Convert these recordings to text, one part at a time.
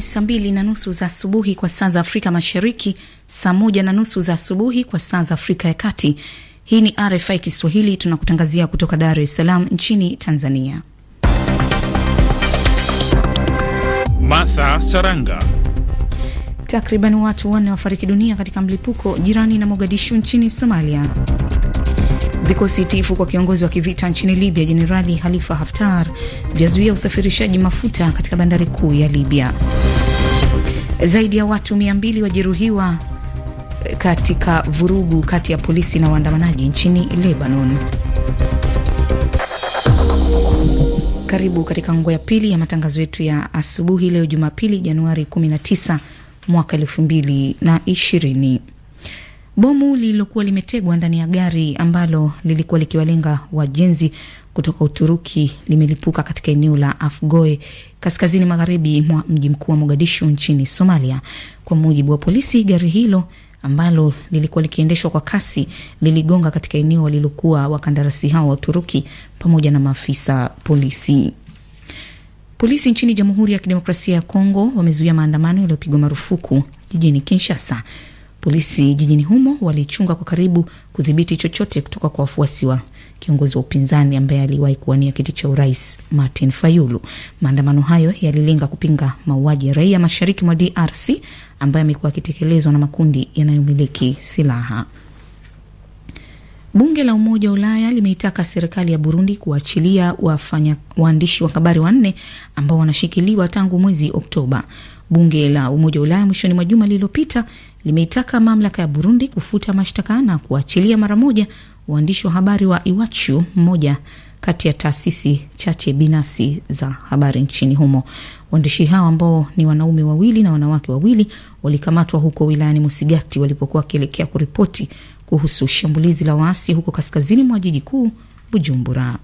saa mbili na nusu za asubuhi kwa saa za Afrika Mashariki, saa moja na nusu za asubuhi kwa saa za Afrika ya Kati. Hii ni RFI Kiswahili, tunakutangazia kutoka Dar es Salaam nchini Tanzania. Martha Saranga. Takriban watu wanne wafariki dunia katika mlipuko jirani na Mogadishu nchini Somalia. Vikosi tifu kwa kiongozi wa kivita nchini Libya Jenerali halifa Haftar vyazuia usafirishaji mafuta katika bandari kuu ya Libya. Zaidi ya watu 200 wajeruhiwa eh, katika vurugu kati ya polisi na waandamanaji nchini Lebanon. Karibu katika nguo ya pili ya matangazo yetu ya asubuhi leo Jumapili Januari 19 mwaka 2020. Bomu lililokuwa limetegwa ndani ya gari ambalo lilikuwa likiwalenga wajenzi kutoka Uturuki limelipuka katika eneo la Afgoe kaskazini magharibi mwa mji mkuu wa Mogadishu nchini Somalia. Kwa mujibu wa polisi, gari hilo ambalo lilikuwa likiendeshwa kwa kasi liligonga katika eneo walilokuwa wakandarasi hao wa Uturuki pamoja na maafisa polisi. Polisi nchini Jamhuri ya Kidemokrasia ya Kongo wamezuia maandamano yaliyopigwa marufuku jijini Kinshasa Polisi jijini humo walichunga kwa karibu kudhibiti chochote kutoka kwa wafuasi wa kiongozi wa upinzani ambaye aliwahi kuwania kiti cha urais Martin Fayulu. Maandamano hayo yalilenga kupinga mauaji ya raia mashariki mwa DRC ambayo amekuwa akitekelezwa na makundi yanayomiliki silaha. Bunge la Umoja wa Ulaya limeitaka serikali ya Burundi kuachilia wafanya waandishi wa habari wanne ambao wanashikiliwa tangu mwezi Oktoba. Bunge la Umoja wa Ulaya mwishoni mwa juma lililopita limeitaka mamlaka ya Burundi kufuta mashtaka na kuachilia mara moja waandishi wa habari wa Iwachu, mmoja kati ya taasisi chache binafsi za habari nchini humo. Waandishi hao ambao ni wanaume wawili na wanawake wawili walikamatwa huko wilayani Musigati walipokuwa wakielekea kuripoti kuhusu shambulizi la waasi huko kaskazini mwa jiji kuu Bujumbura.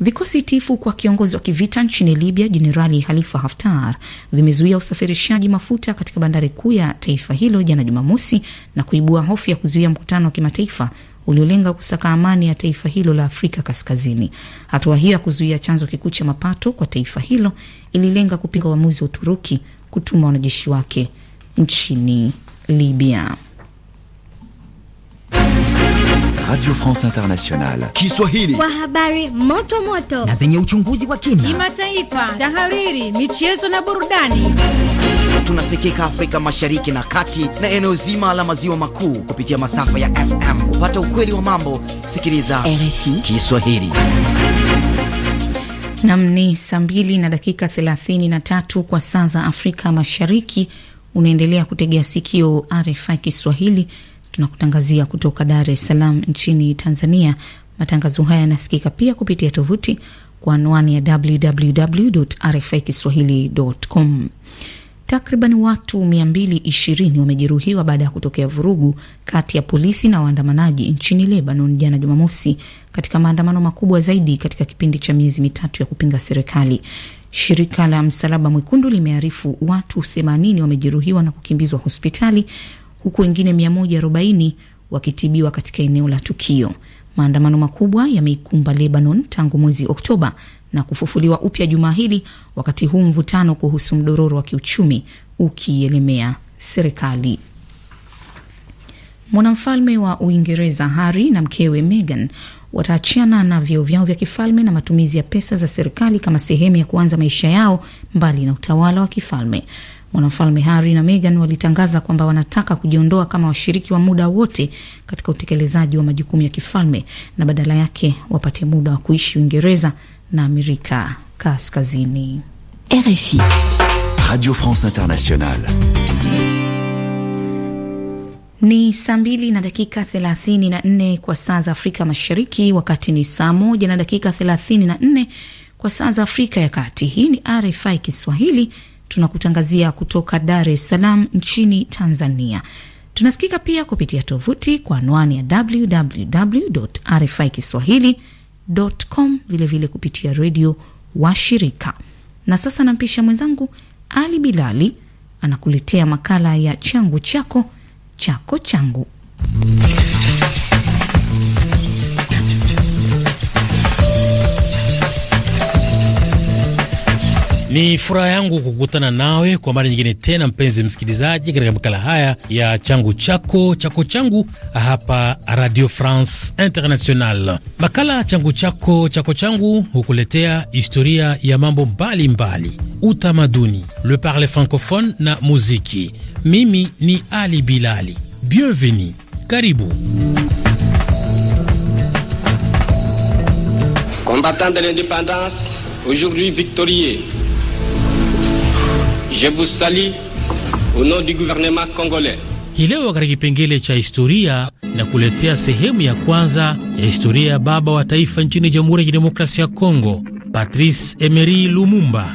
Vikosi tifu kwa kiongozi wa kivita nchini Libya Jenerali halifa Haftar vimezuia usafirishaji mafuta katika bandari kuu ya taifa hilo jana Jumamosi, na kuibua hofu ya kuzuia mkutano wa kimataifa uliolenga kusaka amani ya taifa hilo la Afrika Kaskazini. Hatua hiyo ya kuzuia chanzo kikuu cha mapato kwa taifa hilo ililenga kupinga uamuzi wa Uturuki kutuma wanajeshi wake nchini Libya. Radio France Internationale Kiswahili kwa habari moto moto na zenye uchunguzi wa kina, kimataifa, tahariri, michezo na burudani. Tunasikika Afrika Mashariki na Kati na eneo zima la maziwa makuu kupitia masafa ya FM. Kupata ukweli wa mambo, sikiliza RFI Kiswahili. Nam ni saa mbili na dakika 33 kwa saa za Afrika Mashariki. Unaendelea kutegea sikio RFI Kiswahili Tunakutangazia kutoka Dar es Salaam nchini Tanzania. Matangazo haya yanasikika pia kupitia tovuti kwa anwani ya www RFI kiswahilicom. Takriban watu 220 wamejeruhiwa baada ya kutokea vurugu kati ya polisi na waandamanaji nchini Lebanon jana Jumamosi, katika maandamano makubwa zaidi katika kipindi cha miezi mitatu ya kupinga serikali. Shirika la Msalaba Mwekundu limearifu watu 80 wamejeruhiwa na kukimbizwa hospitali huku wengine 140 wakitibiwa katika eneo la tukio. Maandamano makubwa yameikumba Lebanon tangu mwezi Oktoba na kufufuliwa upya jumaa hili, wakati huu mvutano kuhusu mdororo wa kiuchumi ukielemea serikali. Mwanamfalme wa Uingereza Harry na mkewe Meghan wataachiana na vyeo vyao vya kifalme na matumizi ya pesa za serikali kama sehemu ya kuanza maisha yao mbali na utawala wa kifalme. Mwanamfalme Harry na Meghan walitangaza kwamba wanataka kujiondoa kama washiriki wa muda wote katika utekelezaji wa majukumu ya kifalme na badala yake wapate muda wa kuishi Uingereza na Amerika Kaskazini. RFI, Radio France Internationale. Ni saa mbili na dakika thelathini na nne kwa saa za Afrika Mashariki, wakati ni saa moja na dakika thelathini na nne kwa saa za Afrika ya Kati. Hii ni RFI Kiswahili. Tunakutangazia kutoka Dar es Salaam nchini Tanzania. Tunasikika pia kupitia tovuti kwa anwani ya www RFI kiswahilicom, vilevile kupitia redio wa shirika. Na sasa nampisha mwenzangu Ali Bilali anakuletea makala ya changu chako chako changu. Ni furaha yangu kukutana nawe kwa mara nyingine tena, mpenzi msikilizaji, katika makala haya ya changu chako chako changu hapa Radio France International. Makala changu chako chako changu hukuletea historia ya mambo mbalimbali, utamaduni, le parle francophone na muziki. Mimi ni Ali Bilali. Bienvenue, karibu. Combattant de l'indépendance, aujourd'hui victorieux Je vous salue au nom du gouvernement congolais. Hii leo katika kipengele cha historia na kuletea sehemu ya kwanza ya historia ya baba wa taifa nchini Jamhuri ya Kidemokrasia ya Kongo, Patrice Emery Lumumba.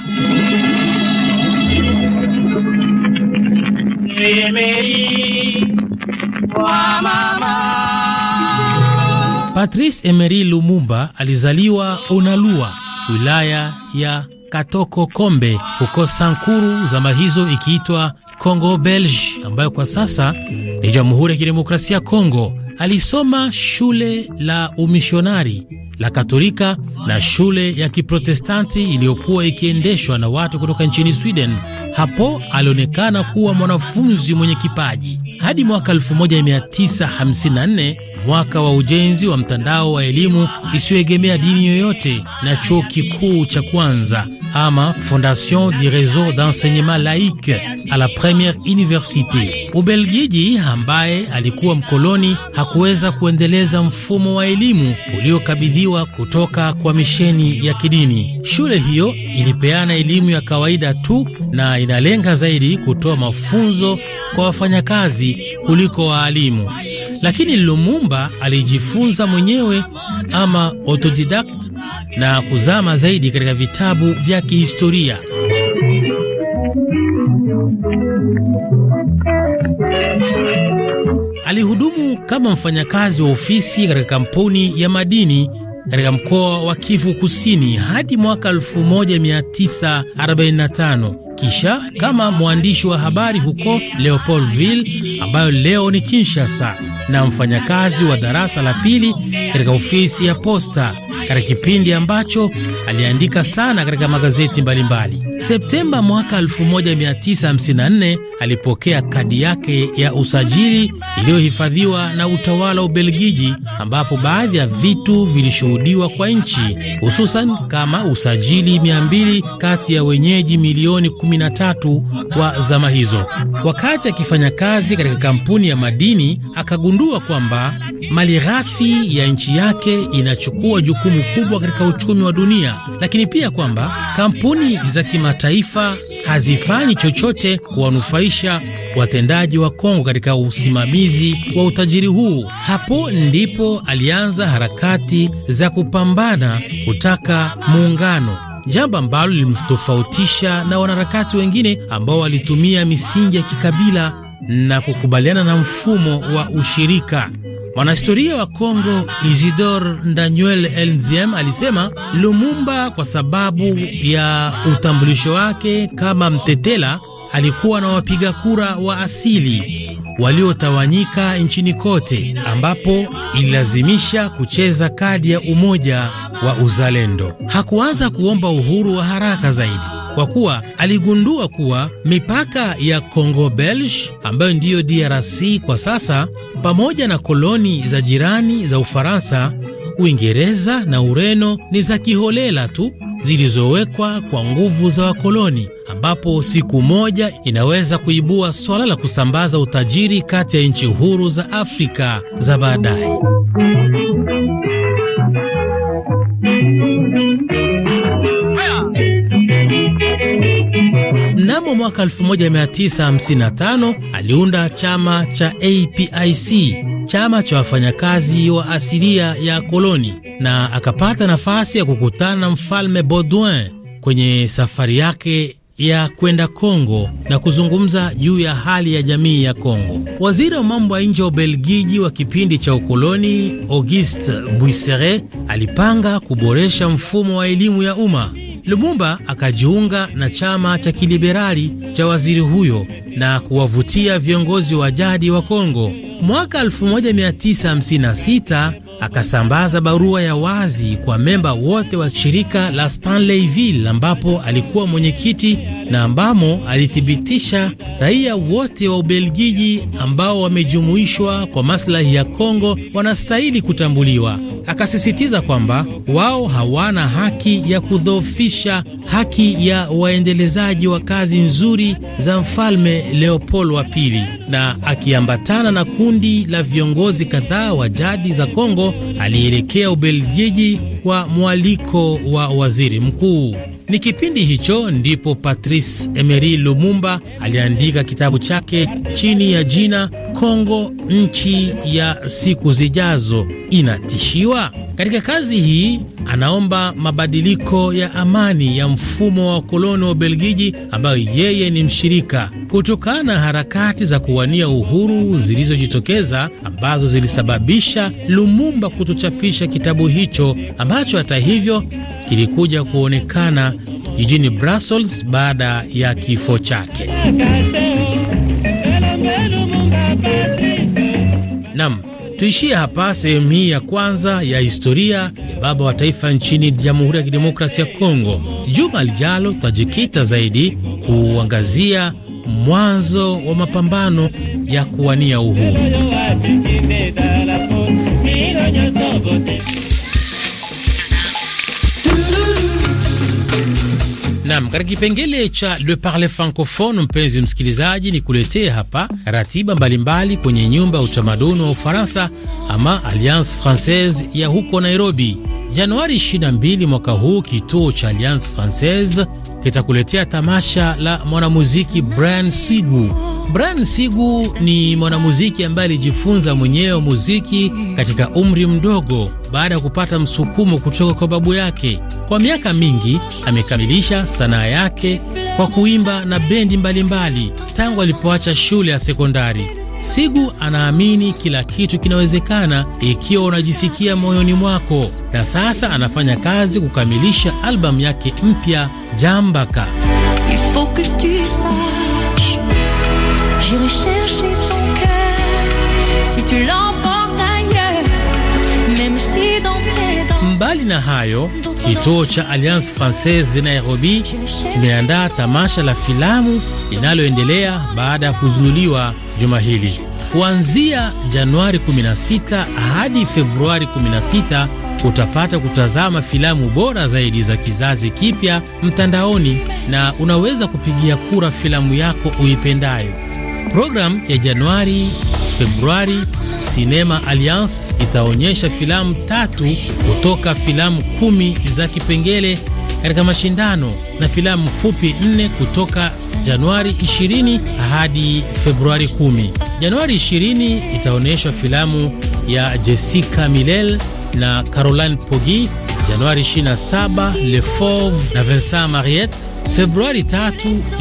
Patrice Emery Lumumba alizaliwa Onalua, wilaya ya Katoko Kombe huko Sankuru, zama hizo ikiitwa Congo Belge, ambayo kwa sasa ni Jamhuri ya Kidemokrasia ya Kongo. Alisoma shule la umishonari la Katolika na shule ya Kiprotestanti iliyokuwa ikiendeshwa na watu kutoka nchini Sweden. Hapo alionekana kuwa mwanafunzi mwenye kipaji hadi mwaka 1954 mwaka wa ujenzi wa mtandao wa elimu isiyoegemea dini yoyote na chuo kikuu cha kwanza ama Fondation du Réseau d'Enseignement Laïque à la Première Université. Ubelgiji ambaye alikuwa mkoloni hakuweza kuendeleza mfumo wa elimu uliokabidhiwa kutoka kwa misheni ya kidini. Shule hiyo ilipeana elimu ya kawaida tu na inalenga zaidi kutoa mafunzo kwa wafanyakazi kuliko waalimu lakini Lumumba alijifunza mwenyewe ama autodidact na kuzama zaidi katika vitabu vya kihistoria. Alihudumu kama mfanyakazi wa ofisi katika kampuni ya madini katika mkoa wa Kivu Kusini hadi mwaka 1945 kisha kama mwandishi wa habari huko Leopoldville ambayo leo ni Kinshasa na mfanyakazi wa darasa la pili katika ofisi ya posta katika kipindi ambacho aliandika sana katika magazeti mbalimbali mbali. Septemba mwaka 1954 alipokea kadi yake ya usajili iliyohifadhiwa na utawala wa Ubelgiji, ambapo baadhi ya vitu vilishuhudiwa kwa nchi, hususan kama usajili 200 kati ya wenyeji milioni 13 wa zama hizo. Wakati akifanya kazi katika kampuni ya madini akagundua kwamba mali ghafi ya nchi yake inachukua jukumu kubwa katika uchumi wa dunia, lakini pia kwamba kampuni za kimataifa hazifanyi chochote kuwanufaisha watendaji wa Kongo katika usimamizi wa utajiri huu. Hapo ndipo alianza harakati za kupambana kutaka muungano, jambo ambalo lilimtofautisha na wanaharakati wengine ambao walitumia misingi ya kikabila na kukubaliana na mfumo wa ushirika. Mwanahistoria wa Kongo Isidor Ndanyuel Elmziem alisema Lumumba, kwa sababu ya utambulisho wake kama mtetela, alikuwa na wapiga kura wa asili waliotawanyika nchini kote, ambapo ililazimisha kucheza kadi ya umoja wa uzalendo. Hakuanza kuomba uhuru wa haraka zaidi kwa kuwa aligundua kuwa mipaka ya Congo Belge ambayo ndiyo DRC kwa sasa pamoja na koloni za jirani za Ufaransa, Uingereza na Ureno ni za kiholela tu zilizowekwa kwa nguvu za wakoloni, ambapo siku moja inaweza kuibua swala la kusambaza utajiri kati ya nchi huru za Afrika za baadaye. mwaka 1955 aliunda chama cha APIC, chama cha wafanyakazi wa asilia ya koloni, na akapata nafasi ya kukutana na mfalme Baudouin kwenye safari yake ya kwenda Kongo na kuzungumza juu ya hali ya jamii ya Kongo. Waziri wa mambo ya nje wa Ubelgiji wa kipindi cha ukoloni Auguste Buisseret alipanga kuboresha mfumo wa elimu ya umma Lumumba akajiunga na chama cha kiliberali cha waziri huyo na kuwavutia viongozi wa jadi wa Kongo. Mwaka 1956 akasambaza barua ya wazi kwa memba wote wa shirika la Stanleyville ambapo alikuwa mwenyekiti na ambamo alithibitisha raia wote wa Ubelgiji ambao wamejumuishwa kwa maslahi ya Kongo wanastahili kutambuliwa. Akasisitiza kwamba wao hawana haki ya kudhoofisha haki ya waendelezaji wa kazi nzuri za Mfalme Leopold wa pili, na akiambatana na kundi la viongozi kadhaa wa jadi za Kongo alielekea Ubelgiji kwa mwaliko wa waziri mkuu. Ni kipindi hicho ndipo Patrice Emery Lumumba aliandika kitabu chake chini ya jina Kongo, nchi ya siku zijazo inatishiwa. Katika kazi hii anaomba mabadiliko ya amani ya mfumo wa koloni wa Ubelgiji ambayo yeye ni mshirika, kutokana na harakati za kuwania uhuru zilizojitokeza ambazo zilisababisha Lumumba kutochapisha kitabu hicho ambacho hata hivyo kilikuja kuonekana jijini Brussels baada ya kifo chake. Nam Tuishie hapa sehemu hii ya kwanza ya historia ya baba wa taifa nchini Jamhuri ya Kidemokrasia ya Kongo. Juma lijalo tutajikita zaidi kuangazia mwanzo wa mapambano ya kuwania uhuru. Nam, katika kipengele cha Le Parle Francophone, mpenzi msikilizaji, ni kuletea hapa ratiba mbalimbali kwenye nyumba ya utamaduni wa Ufaransa ama Alliance Francaise ya huko Nairobi. Januari 22 mwaka huu kituo cha Alliance Francaise kitakuletea tamasha la mwanamuziki Brian Sigu. Brian Sigu ni mwanamuziki ambaye alijifunza mwenyewe muziki katika umri mdogo baada ya kupata msukumo kutoka kwa babu yake. Kwa miaka mingi amekamilisha sanaa yake kwa kuimba na bendi mbalimbali mbali, tangu alipoacha shule ya sekondari. Sigu anaamini kila kitu kinawezekana ikiwa unajisikia moyoni mwako, na sasa anafanya kazi kukamilisha albamu yake mpya Jambaka. Mbali na hayo, kituo cha Alliance Francaise de Nairobi kimeandaa tamasha la filamu linaloendelea baada ya kuzinduliwa juma hili kuanzia Januari 16 hadi Februari 16. Utapata kutazama filamu bora zaidi za kizazi kipya mtandaoni na unaweza kupigia kura filamu yako uipendayo. Programu ya Januari Februari, cinema Alliance itaonyesha filamu tatu kutoka filamu kumi za kipengele katika mashindano na filamu fupi nne kutoka Januari 20 hadi Februari 10. Januari 20 itaonyeshwa filamu ya Jessica Milel na Caroline pogi Januari 27 Le Fauve na Vincent Mariette, Februari 3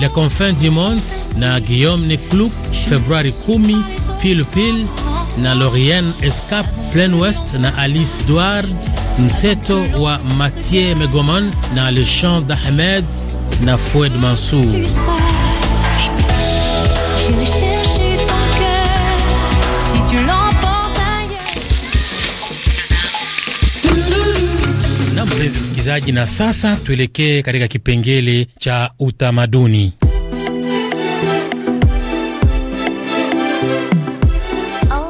Le Confin du Monde na Guillaume Neclouk, Februari 10 Pile Pile na Lauriane Escape, Plain West na Alice Duard, Mseto wa Mathieu Megoman na Le Champ d'Ahmed na Foued Mansour. mpenzi msikilizaji, na sasa tuelekee katika kipengele cha utamaduni.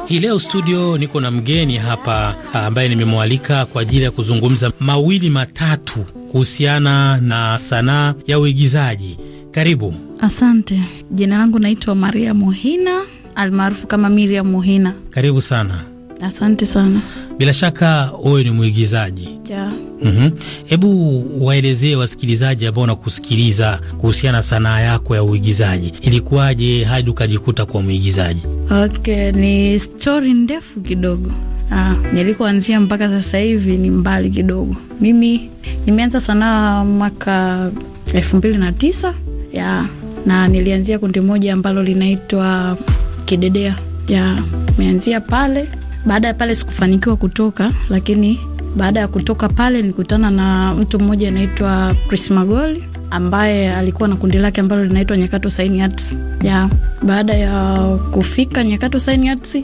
Hii leo studio niko na mgeni hapa ah, ambaye nimemwalika kwa ajili ya kuzungumza mawili matatu kuhusiana na sanaa ya uigizaji. Karibu. Asante. Jina langu naitwa Maria Muhina almaarufu kama Miriam Muhina. Karibu sana. Asante sana. Bila shaka wewe ni mwigizaji. Yeah. Mhm. Hebu mm -hmm. waelezee wasikilizaji ambao wanakusikiliza kuhusiana sanaa yako ya uigizaji, ilikuwaje hadi ukajikuta kwa mwigizaji? Okay, ni stori ndefu kidogo. Ah, nilikoanzia mpaka sasa hivi ni mbali kidogo. Mimi nimeanza sanaa mwaka elfu mbili na tisa ya na nilianzia kundi moja ambalo linaitwa Kidedea ya, nimeanzia pale. Baada ya pale sikufanikiwa kutoka, lakini baada ya kutoka pale, nikutana na mtu mmoja anaitwa Chris Magoli ambaye alikuwa na kundi lake ambalo linaitwa Nyakato Saini Arts. Yeah. baada ya kufika Nyakato Saini Arts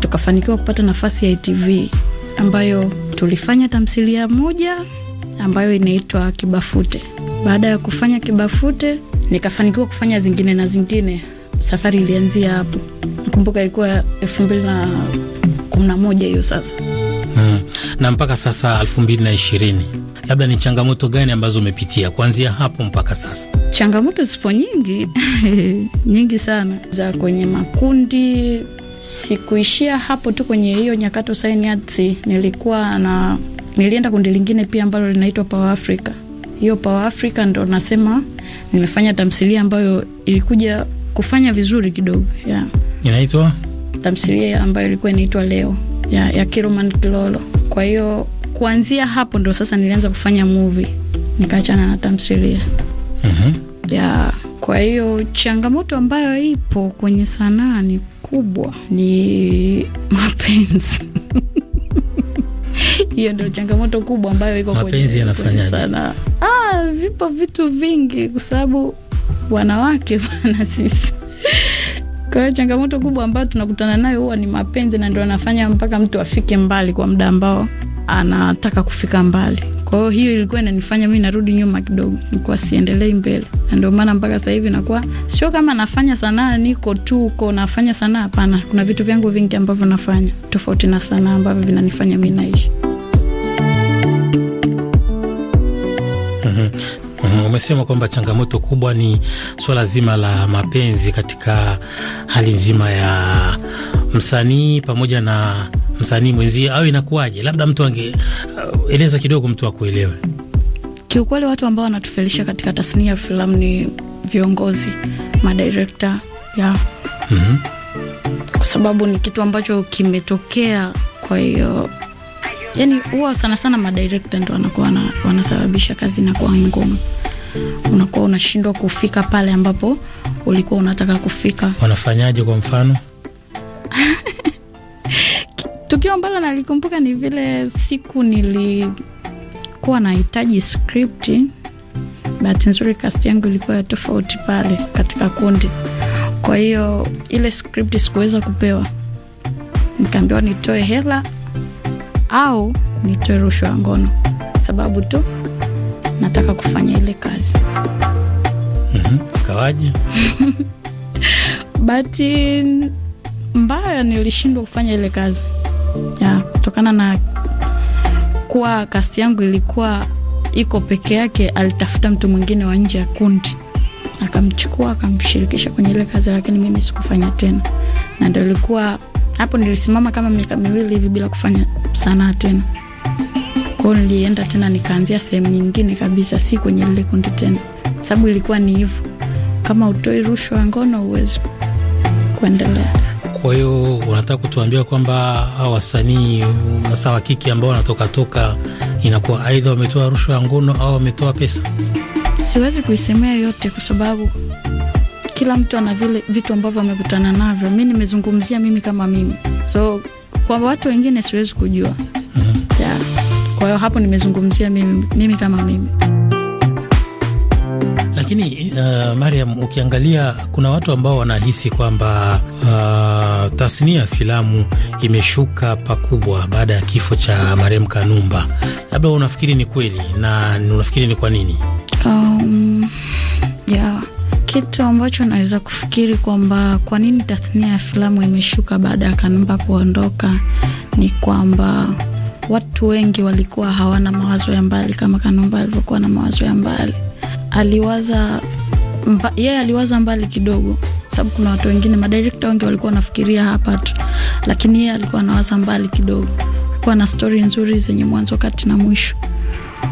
tukafanikiwa kupata nafasi ya ITV ambayo tulifanya tamthilia moja ambayo inaitwa Kibafute. Baada ya kufanya Kibafute nikafanikiwa kufanya zingine na zingine. Safari ilianzia hapo. Nakumbuka ilikuwa elfu mbili na kumi na moja hiyo sasa. Mm. Na mpaka sasa 2020 labda ni changamoto gani ambazo umepitia kuanzia hapo mpaka sasa? Changamoto zipo nyingi nyingi sana za kwenye makundi. Sikuishia hapo tu kwenye hiyo Nyakato Fine Arts, nilikuwa na nilienda kundi lingine pia ambalo linaitwa Power Africa. Hiyo Power Africa ndo nasema nimefanya tamthilia ambayo ilikuja kufanya vizuri kidogo, yeah. Inaitwa tamthilia ambayo ilikuwa inaitwa Leo ya, ya Kiroman Kilolo. Kwa hiyo kuanzia hapo ndo sasa nilianza kufanya movie nikaachana na tamthilia. mm -hmm. ya kwa hiyo changamoto ambayo ipo kwenye sanaa ni kubwa, ni mapenzi hiyo ndio changamoto kubwa ambayo iko mapenzi Ah, vipo vitu vingi kwa sababu wanawake bana sisi kwa hiyo changamoto kubwa ambayo tunakutana nayo huwa ni mapenzi, na ndio anafanya mpaka mtu afike mbali kwa muda ambao anataka kufika mbali. Kwa hiyo hiyo ilikuwa inanifanya mi narudi nyuma kidogo, nikuwa siendelei mbele, na ndio maana mpaka sasa hivi nakuwa sio kama nafanya sanaa niko tu uko nafanya sanaa. Hapana, kuna vitu vyangu vingi ambavyo nafanya tofauti na sanaa ambavyo vinanifanya mi naishi umesema kwamba changamoto kubwa ni swala zima la mapenzi katika hali nzima ya msanii pamoja na msanii mwenzie, au inakuwaje? Labda mtu angeeleza uh, kidogo, mtu akuelewe. Kiukweli, watu ambao wanatufelisha katika tasnia ya filamu ni viongozi, madirekta ya mm -hmm. Kwa sababu ni kitu ambacho kimetokea, kwa hiyo yani huwa sana sana madirekta ndo wanakuwa wanasababisha kazi na ngumu unakuwa unashindwa kufika pale ambapo ulikuwa unataka kufika. Wanafanyaje kwa mfano? Tukio ambalo nalikumbuka ni vile siku nilikuwa nahitaji script. Bahati nzuri kasti yangu ilikuwa ya tofauti pale katika kundi, kwa hiyo ile script sikuweza kupewa, nikaambiwa nitoe hela au nitoe rushwa ngono, sababu tu nataka kufanya ile kazi. mm Kawaje? bahati mbaya nilishindwa kufanya ile kazi ya, kutokana na kuwa kasti yangu ilikuwa iko peke yake. Alitafuta mtu mwingine wa nje ya kundi akamchukua akamshirikisha kwenye ile kazi, lakini mimi sikufanya tena, na ndo ilikuwa hapo nilisimama kama miaka miwili hivi bila kufanya sanaa tena kwao nilienda tena nikaanzia sehemu nyingine kabisa, si kwenye lile kundi tena, sababu ilikuwa ni hivyo, kama utoi rushwa ngono uwezi kuendelea. Kwa hiyo unataka kutuambia kwamba wasanii hasa wa kike ambao wanatokatoka inakuwa aidha wametoa rushwa ya ngono au wametoa pesa? Siwezi kuisemea yote kwa sababu kila mtu ana vile vitu ambavyo amekutana navyo. Mi nimezungumzia mimi kama mimi, so kwa watu wengine siwezi kujua. mm -hmm. yeah. Kwa hiyo hapo nimezungumzia mimi, mimi kama mimi. Lakini uh, Mariam, ukiangalia kuna watu ambao wanahisi kwamba uh, tasnia ya filamu imeshuka pakubwa baada ya kifo cha Mariam Kanumba, labda unafikiri ni kweli na unafikiri ni kwa nini? Um, yeah. Kitu ambacho naweza kufikiri kwamba kwa nini tasnia ya filamu imeshuka baada ya Kanumba kuondoka ni kwamba watu wengi walikuwa hawana mawazo ya mbali kama Kanumba alivyokuwa na mawazo ya mbali. Aliwaza mba, yeye aliwaza mbali kidogo, sababu kuna watu wengine madirekta wengi walikuwa wanafikiria hapa tu, lakini yeye alikuwa anawaza mbali kidogo, kuwa na stori nzuri zenye mwanzo, kati na mwisho,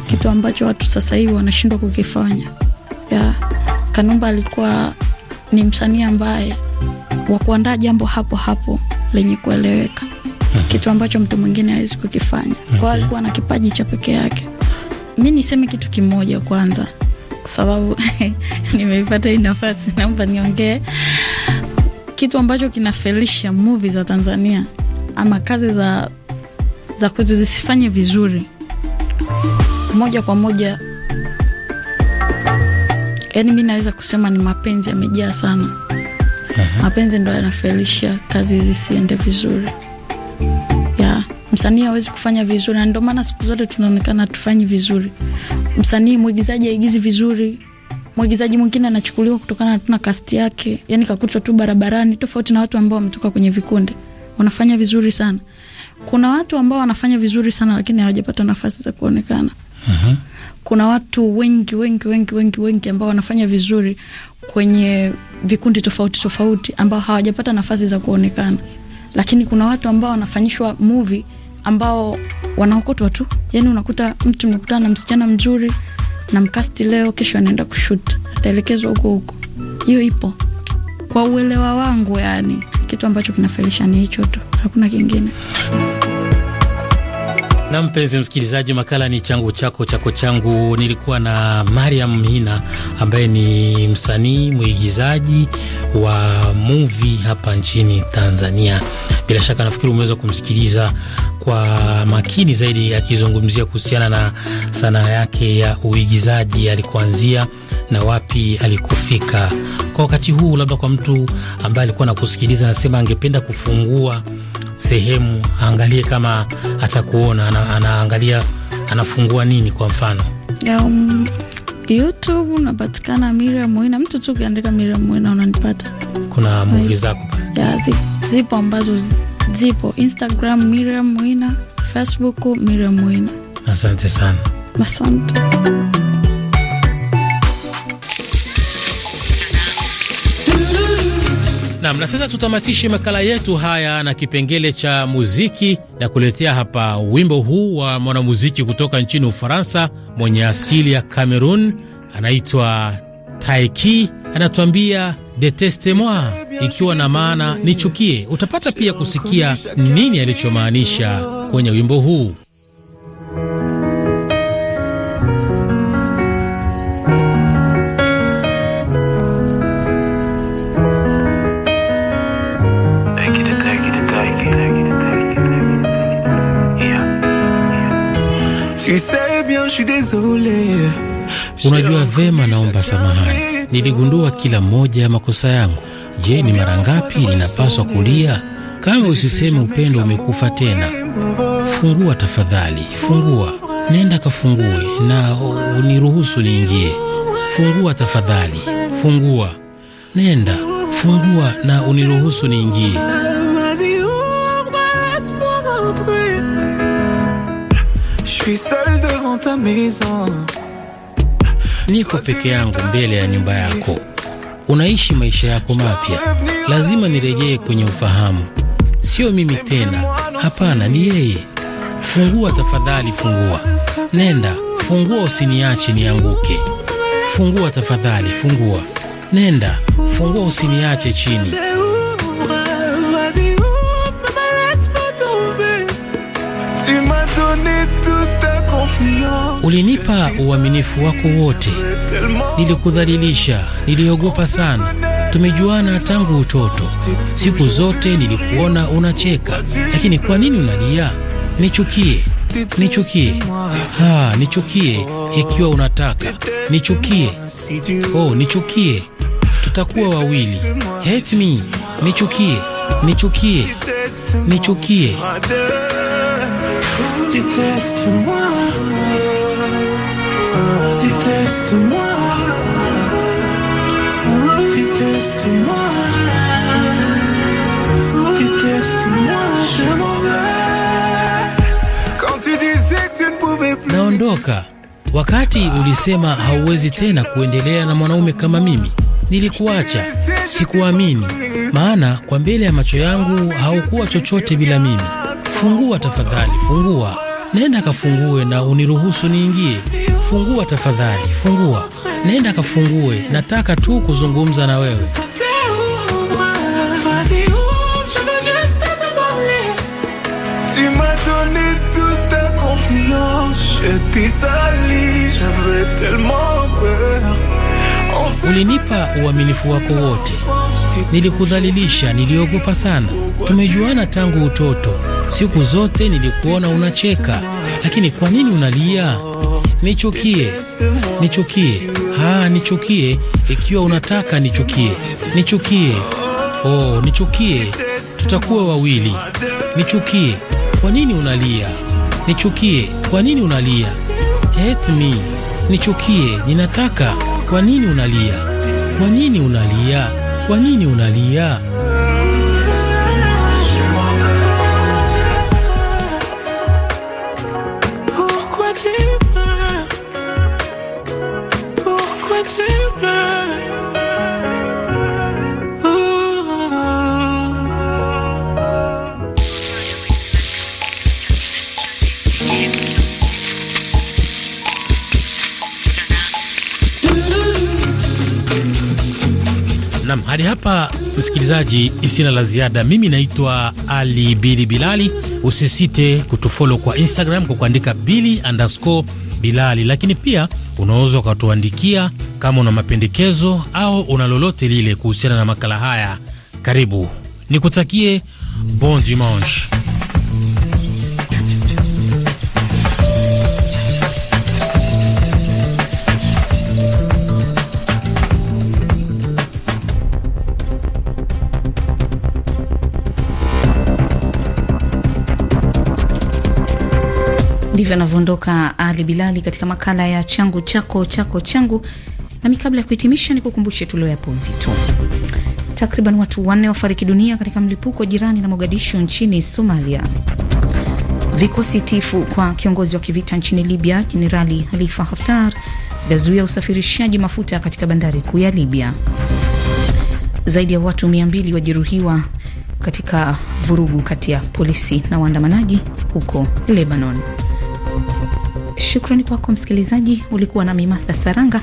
kitu ambacho watu sasa hivi wanashindwa kukifanya. Ya, Kanumba alikuwa ni msanii ambaye wa kuandaa jambo hapo hapo lenye kueleweka. kitu ambacho mtu mwingine hawezi kukifanya, okay. Kwa alikuwa na kipaji cha peke yake. Mi niseme kitu kimoja kwanza, kwa sababu nimeipata hii nafasi, naomba niongee kitu ambacho kinafelisha movie za Tanzania ama kazi za, za kwetu zisifanye vizuri moja kwa moja. Yani mi naweza kusema ni mapenzi yamejaa sana. -huh. Mapenzi ndo yanafelisha kazi zisiende vizuri msanii hawezi kufanya vizuri, na ndio maana siku zote tunaonekana tufanyi vizuri. Msanii mwigizaji aigizi vizuri, mwigizaji mwingine anachukuliwa kutokana na tuna kasti yake, yani kakutwa tu barabarani, tofauti na watu ambao wametoka kwenye vikundi wanafanya vizuri sana. Kuna watu ambao wanafanya vizuri sana lakini hawajapata nafasi za kuonekana. Uh-huh. Kuna watu wengi wengi wengi wengi wengi ambao wanafanya vizuri kwenye vikundi tofauti tofauti ambao hawajapata nafasi za kuonekana, lakini kuna watu ambao wanafanyishwa movie ambao wanaokotwa tu, yani unakuta mtu mekutana na msichana mzuri na mkasti leo, kesho anaenda kushut, ataelekezwa huko huko. Hiyo ipo kwa uelewa wangu, yani kitu ambacho kinafelisha ni hicho tu, hakuna kingine. Na mpenzi msikilizaji, makala ni changu chako chako changu. Nilikuwa na Mariam Hina ambaye ni msanii mwigizaji wa movie hapa nchini Tanzania. Bila shaka nafikiri umeweza kumsikiliza kwa makini zaidi akizungumzia kuhusiana na sanaa yake ya uigizaji, alikuanzia na wapi alikufika kwa wakati huu. Labda kwa mtu ambaye alikuwa nakusikiliza, anasema angependa kufungua sehemu, aangalie kama atakuona ana, anaangalia anafungua nini, kwa mfano um, YouTube napatikana Miriam Mwina, mtu tu ukiandika Miriam Mwina unanipata. Kuna movie zako zipo ambazo zi Zipo Instagram Miriam Mwina, Facebook Miriam Mwina. Asante sana, asante. Nam, na sasa tutamatishe makala yetu haya na kipengele cha muziki na kuletea hapa wimbo huu wa mwanamuziki kutoka nchini Ufaransa mwenye asili ya Cameroon anaitwa taiki anatuambia detestemoi, ikiwa na maana nichukie. Utapata pia kusikia nini alichomaanisha kwenye wimbo huu. Tu sais bien, je suis désolé Unajua vema, naomba samahani, niligundua kila moja ya makosa yangu. Je, ni mara ngapi ninapaswa kulia? Kama usiseme upendo umekufa tena. Fungua tafadhali, fungua. Nenda kafungue na uniruhusu niingie. Fungua tafadhali, fungua. Nenda fungua na uniruhusu niingie. Je suis seul devant ta maison niko peke yangu mbele ya nyumba yako, unaishi maisha yako mapya. Lazima nirejee kwenye ufahamu. Sio mimi tena, hapana, ni yeye. Fungua tafadhali, fungua. Nenda, fungua, usiniache nianguke. Fungua tafadhali, fungua. Nenda, fungua, usiniache chini. Ulinipa uaminifu wako wote, nilikudhalilisha, niliogopa sana. Tumejuana tangu utoto, siku zote nilikuona unacheka, lakini kwa nini unalia? Nichukie, nichukie, ha, nichukie ikiwa unataka, nichukie, oh, nichukie, tutakuwa wawili, hate me, nichukie, nichukie, nichukie naondoka. Wakati ulisema hauwezi tena kuendelea na mwanaume kama mimi, nilikuacha, sikuamini, maana kwa mbele ya macho yangu haukuwa chochote bila mimi. Fungua tafadhali, fungua, nenda kafungue na uniruhusu niingie. Fungua tafadhali, fungua. Nenda kafungue, nataka tu kuzungumza na wewe. Ulinipa uaminifu wako wote, nilikudhalilisha, niliogopa sana. Tumejuana tangu utoto, siku zote nilikuona unacheka, lakini kwa nini unalia? nichukie, nichukie, ha, nichukie ikiwa unataka nichukie, nichukie, oh, nichukie, tutakuwa wawili, nichukie, kwa nini unalia? Nichukie, kwa nini unalia? Hate me, nichukie, ninataka, kwa nini unalia? Kwa nini unalia? Kwa nini unalia? hadi hapa msikilizaji, isina la ziada. Mimi naitwa Ali Bili Bilali. Usisite kutufolo kwa Instagram kwa kuandika bili underscore Bilali, lakini pia unaweza ukatuandikia kama una mapendekezo au una lolote lile kuhusiana na makala haya. Karibu nikutakie bon dimanche. Ndivyo anavyoondoka Ali Bilali katika makala ya changu chako chako changu. Nami kabla ya kuhitimisha, ni kukumbushe tulioyapo uzito. Takriban watu wanne wafariki dunia katika mlipuko jirani na Mogadishu nchini Somalia. Vikosi tifu kwa kiongozi wa kivita nchini Libya Jenerali halifa Haftar vyazuia usafirishaji mafuta katika bandari kuu ya Libya. Zaidi ya watu 20 wajeruhiwa katika vurugu kati ya polisi na waandamanaji huko Lebanon. Shukrani kwako msikilizaji, ulikuwa nami Martha Saranga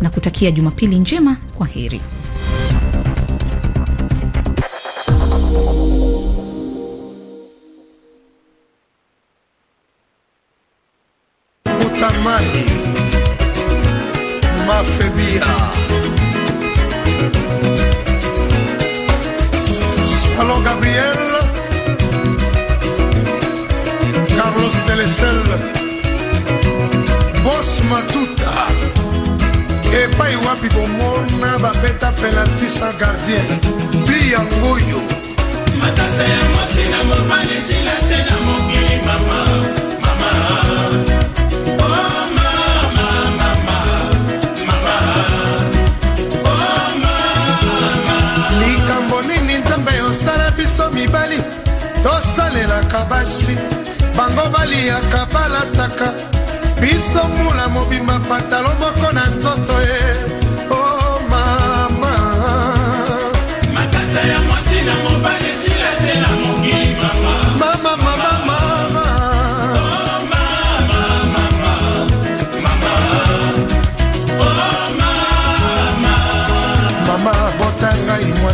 na kutakia Jumapili njema. Kwa heri. babeta penalti sa gardien mpi yangoyo matata ya mwasi na mobali sila te na mokili oh, oh, mama mama likambo nini nzambe osala biso mibali tosalelaka basi bango baliyaka balataka biso mula mobimba patalo moko na nzoto ye eh.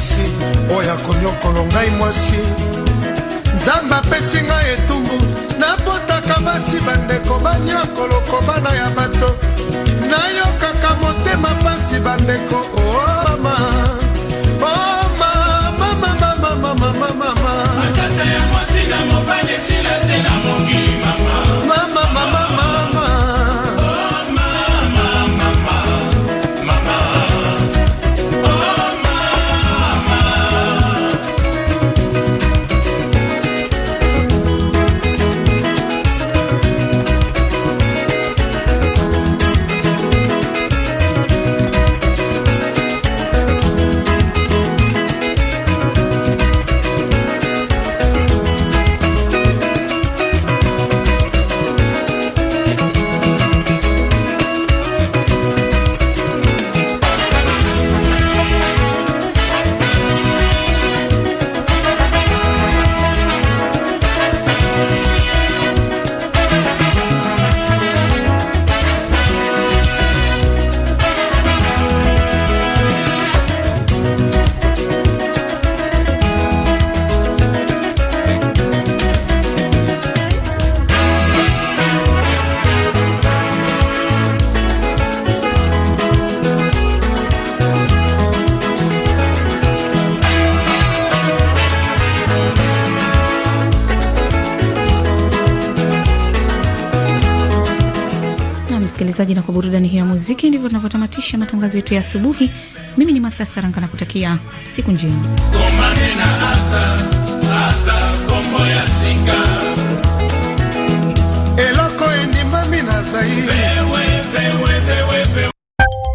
mwasi oyo akonyokolo ngai mwasi nzambe apesi ngai etumbu nabotaka basi bandeko banyokolo kobana ya bato nayokaka motema pasi bandeko omama oh, mama oh, mama mama mama mama muziki, ndivyo tunavyotamatisha matangazo yetu ya asubuhi. Mimi ni Martha Saranga na kutakia siku njema.